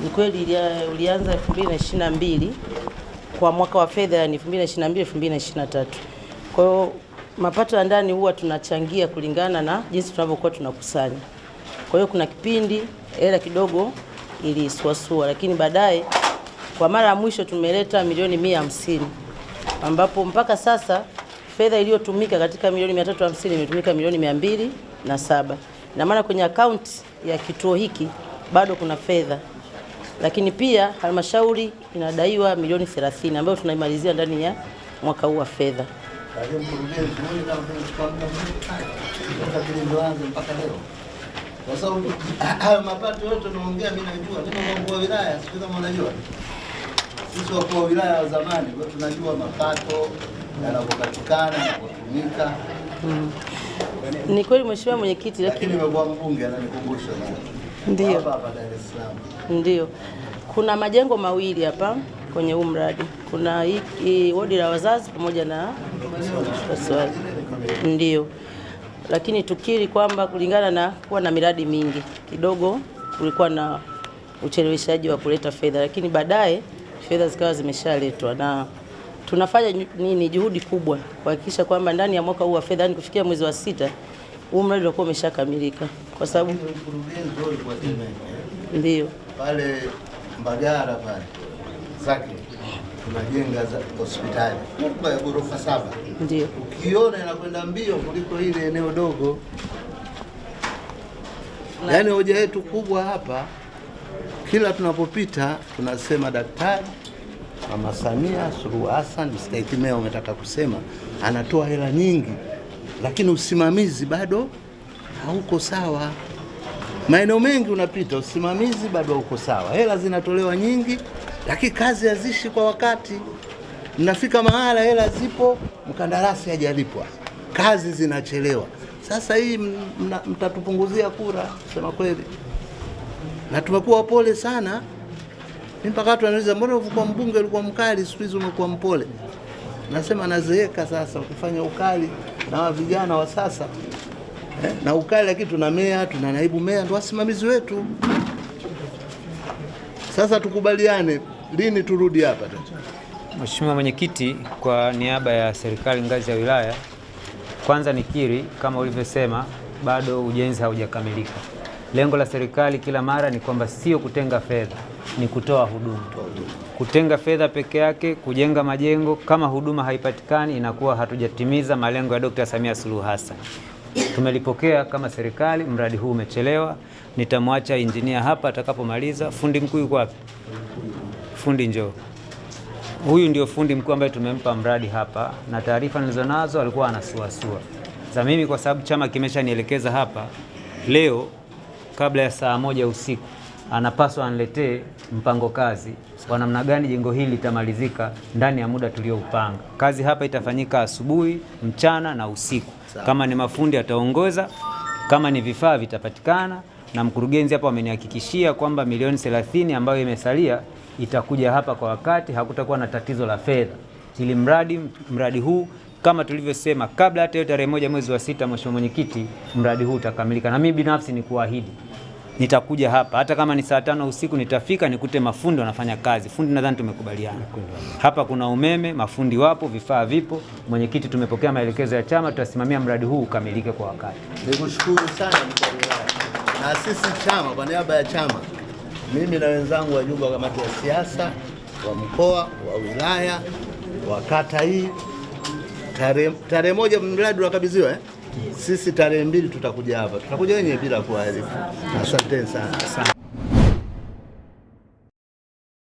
Ni kweli ulianza 2022 kwa mwaka wa fedha ni 2022 2023. Kwa hiyo mapato ya ndani huwa tunachangia kulingana na jinsi tunavyokuwa tunakusanya. Kwa hiyo kuna kipindi hela kidogo ilisuasua, lakini baadaye kwa mara ya mwisho tumeleta milioni mia hamsini ambapo mpaka sasa fedha iliyotumika katika milioni mia tatu hamsini imetumika milioni mia mbili na saba na maana kwenye akaunti ya kituo hiki bado kuna fedha lakini pia halmashauri inadaiwa milioni 30 ambayo tunaimalizia ndani ya mwaka huu wa fedha. Sisi wakuu wa wilaya wa zamani tunajua mapato yanapopatikana yanapotumika. Ni kweli mheshimiwa mwenyekiti, lakini mbunge ananikumbusha ndio Ndio, kuna majengo mawili hapa kwenye huu mradi, kuna hii wodi la wazazi pamoja na wasiwazi ndio. Lakini tukiri kwamba kulingana na kuwa na miradi mingi kidogo kulikuwa na ucheleweshaji wa kuleta fedha, lakini baadaye fedha zikawa zimeshaletwa na tunafanya nini, juhudi kubwa kuhakikisha kwamba ndani ya mwaka huu wa fedha, yani kufikia mwezi wa sita huu mradi ulikuwa umeshakamilika kwa sababu eh? ndio pale Mbagara pale zake tunajenga hospitali kubwa ya ghorofa saba, ndio ukiona inakwenda mbio kuliko ile eneo dogo. Yaani hoja yetu kubwa hapa, kila tunapopita tunasema daktari Mama Samia Suluhu Hassan, msikaitimea umetaka kusema anatoa hela nyingi lakini usimamizi bado hauko sawa. Maeneo mengi unapita, usimamizi bado hauko sawa. Hela zinatolewa nyingi, lakini kazi hazishi kwa wakati. Mnafika mahala, hela zipo, mkandarasi hajalipwa, kazi zinachelewa. Sasa hii mtatupunguzia kura, sema kweli, na tumekuwa pole sana. Mimi mpaka watu wanauliza, mbona ulikuwa mbunge ulikuwa mkali, siku hizi umekuwa mpole? nasema nazeeka sasa, ukifanya ukali na vijana wa sasa eh, na ukali, lakini tuna meya tuna naibu meya ndo wasimamizi wetu. Sasa tukubaliane lini turudi hapa tena. Mheshimiwa Mwenyekiti, kwa niaba ya serikali ngazi ya wilaya, kwanza nikiri kama ulivyosema, bado ujenzi haujakamilika. Lengo la serikali kila mara ni kwamba sio kutenga fedha ni kutoa huduma. Kutenga fedha peke yake kujenga majengo kama huduma haipatikani, inakuwa hatujatimiza malengo ya Dkt. Samia Suluhu Hassan. Tumelipokea kama serikali, mradi huu umechelewa. Nitamwacha injinia hapa atakapomaliza. Fundi mkuu yuko wapi? Fundi njoo. Huyu ndio fundi mkuu ambaye tumempa mradi hapa, na taarifa nilizonazo alikuwa anasuasua. za mimi kwa sababu chama kimeshanielekeza hapa leo kabla ya saa moja usiku anapaswa anletee mpango kazi kwa namna gani jengo hili litamalizika ndani ya muda tulioupanga. Kazi hapa itafanyika asubuhi, mchana na usiku. Kama ni mafundi ataongoza, kama ni vifaa vitapatikana, na mkurugenzi hapa amenihakikishia kwamba milioni 30 ambayo imesalia itakuja hapa kwa wakati, hakutakuwa na tatizo la fedha, ili mradi mradi huu kama tulivyosema kabla hata hiyo tarehe moja mwezi wa sita, Mheshimiwa Mwenyekiti, mradi huu utakamilika, na mimi binafsi ni kuahidi nitakuja hapa hata kama ni saa tano usiku nitafika nikute mafundi wanafanya kazi. Fundi nadhani tumekubaliana hapa kuna umeme, mafundi wapo, vifaa vipo. Mwenyekiti, tumepokea maelekezo ya chama, tutasimamia mradi huu ukamilike kwa wakati. Nikushukuru sana na sisi chama, kwa niaba ya chama, mimi na wenzangu wajumbe wa kamati ya siasa wa mkoa wa wilaya wa kata hii, tarehe moja mradi unakabidhiwa eh? sisi tarehe mbili tutakuja hapa, tutakuja wenyewe bila kuarifu. Asanteni sana.